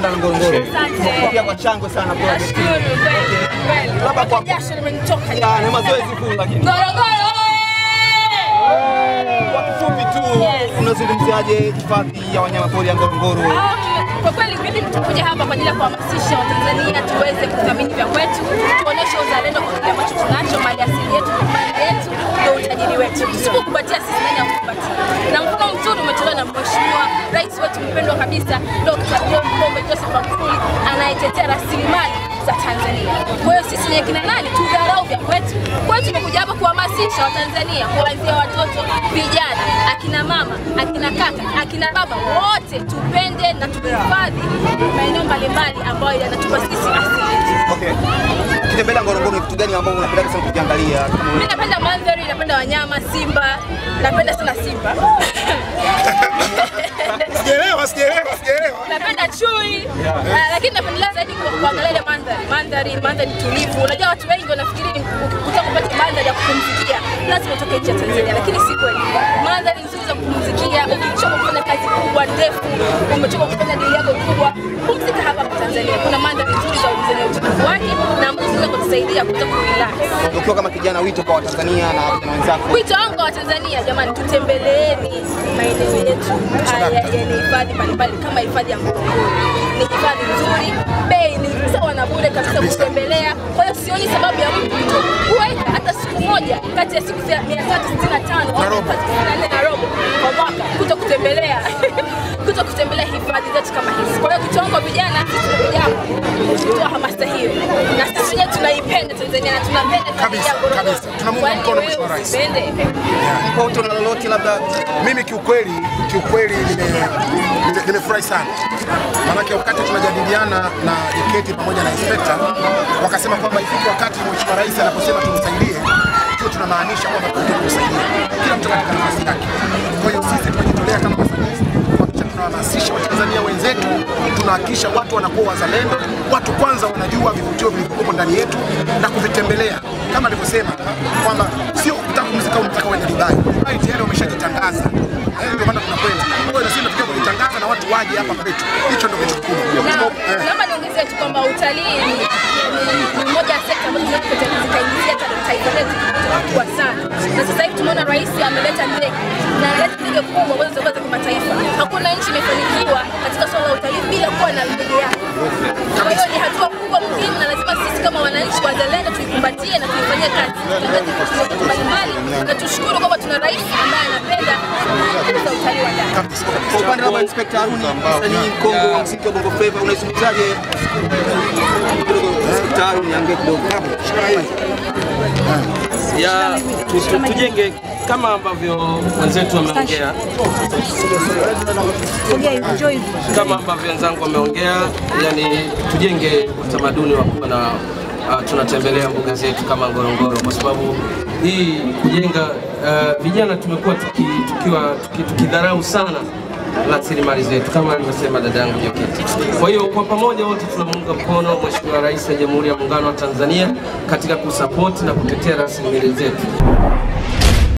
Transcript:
Banda la Ngorongoro. Pia kwa changwe sana kwa. Labda kwa jasho limenitoka. Na mazoezi kuu lakini. Ngorongoro kwa kifupi tu yes. Unazungumziaje hifadhi ya wanyamapori ya Ngorongoro? Ah, kwa kweli mimi nitakuja hapa kwa ajili ya kuhamasisha Watanzania tuweze kuthamini vya kwetu, tuoneshe uzalendo kwa kile ambacho tunacho, mali asili yetu, mali yetu ndio utajiri wetu. Tusipokupatia kabisa Dr. John Pombe Joseph Magufuli anayetetea rasilimali za Tanzania. Kwa hiyo sisi wenye kina nani tudharau vya kwetu? Kwetu tumekuja hapa kuhamasisha Watanzania kuanzia watoto, vijana, akina mama, akina kaka, akina baba, wote tupende na tuhifadhi maeneo mbalimbali ambayo yanatupa sisi asili Okay. Ukitembelea Ngorongoro ni kitu gani ambao unapenda sana kukiangalia? Mimi napenda mandhari, napenda wanyama, simba, napenda sana simba sijaelewa, sijaelewa, sijaelewa. Napenda chui eh, lakini napendelea zaidi kuangalia ile mandhari, mandhari, mandhari tulivu. Unajua watu wengi wanafikiri ukitaka kupata mandhari ya kupumzikia lazima utoke nje ya Tanzania, lakini si kweli. Mandhari nzuri za kupumzikia, ukichoka kufanya kazi kubwa ndefu, umechoka kufanya dili yako kubwa, pumzika hapa Tanzania. Kuna mandhari nzuri za zenye utulivu wake na ambazo kutusaidia kuweza kurelax. Ukiwa kama kijana, wito kwa Watanzania na wenzako? Wito wangu kwa Watanzania, jamani, tutembeleeni yenye hifadhi mbalimbali kama hifadhi ya Ngorongoro. Ni hifadhi nzuri, bei ni sawa na bure kabisa kutembelea. Kwa hiyo sioni sababu ya mtu kuwe hata siku moja kati ya siku 365 au 64 na robo kwa mwaka kuto kutembelea kuto kutembelea hifadhi zetu kama hizi. Kwa hiyo kitongo vijana, vijana kutoa hamasa hiyo, na sisi wenyewe tunaipenda Tanzania na tunapenda kabisa kabisa, tunamuunga mkono Mheshimiwa Rais. Kwa hiyo tuna lolote labda, mimi kiukweli kiukweli nimefurahi sana, maanake wakati tunajadiliana na Jeketi pamoja na inspekta wakasema kwamba ifike wakati mheshimiwa rais anaposema tumsaidie hiyo tunamaanisha kwamba tutakuja kila mtu katika nafasi yake. Kwa hiyo sisi tunajitolea kama wasanii kuhakikisha tunawahamasisha Watanzania wenzetu, tunahakikisha watu wanakuwa wazalendo, watu kwanza wanajua vivutio vilivyokuwa ndani yetu na kuvitembelea, kama alivyosema kwamba sio kutaka muziki unataka Dubai. Dubai tayari wameshajitangaza hapa kwetu. Hicho ndio kitu kikubwa. Eh. Naomba niongezee tu kwamba utalii ni moja ya sekta ambazo zitaingiza taifa letu kubwa sana, na sasa hivi tumeona rais ameleta ndege na analeta ndege kubwa ambazo zitakuwa za kimataifa. Hakuna nchi imefanikiwa katika swala la utalii bila kuwa na ndege yake. kufanya kazi kwamba tuna rais ambaye anapenda Kwa upande wa Inspekta Haruni, msanii mkongwe wa muziki wa Bongo Flava, Inspekta Haruni? kidogo ya tujenge kama ambavyo wenzetu wameongea, kama ambavyo wenzangu wameongea, yani tujenge utamaduni wa kuwa na uh, tunatembelea mbuga zetu kama Ngorongoro kwa sababu hii kujenga uh, vijana tumekuwa tuki, tukiwa tukidharau tuki, sana rasilimali zetu kama alivyosema dadangu Joketi. Kwa hiyo kwa pamoja wote tunamuunga mkono Mheshimiwa Rais wa Jamhuri ya Muungano wa Tanzania katika kusapoti na kutetea rasilimali zetu.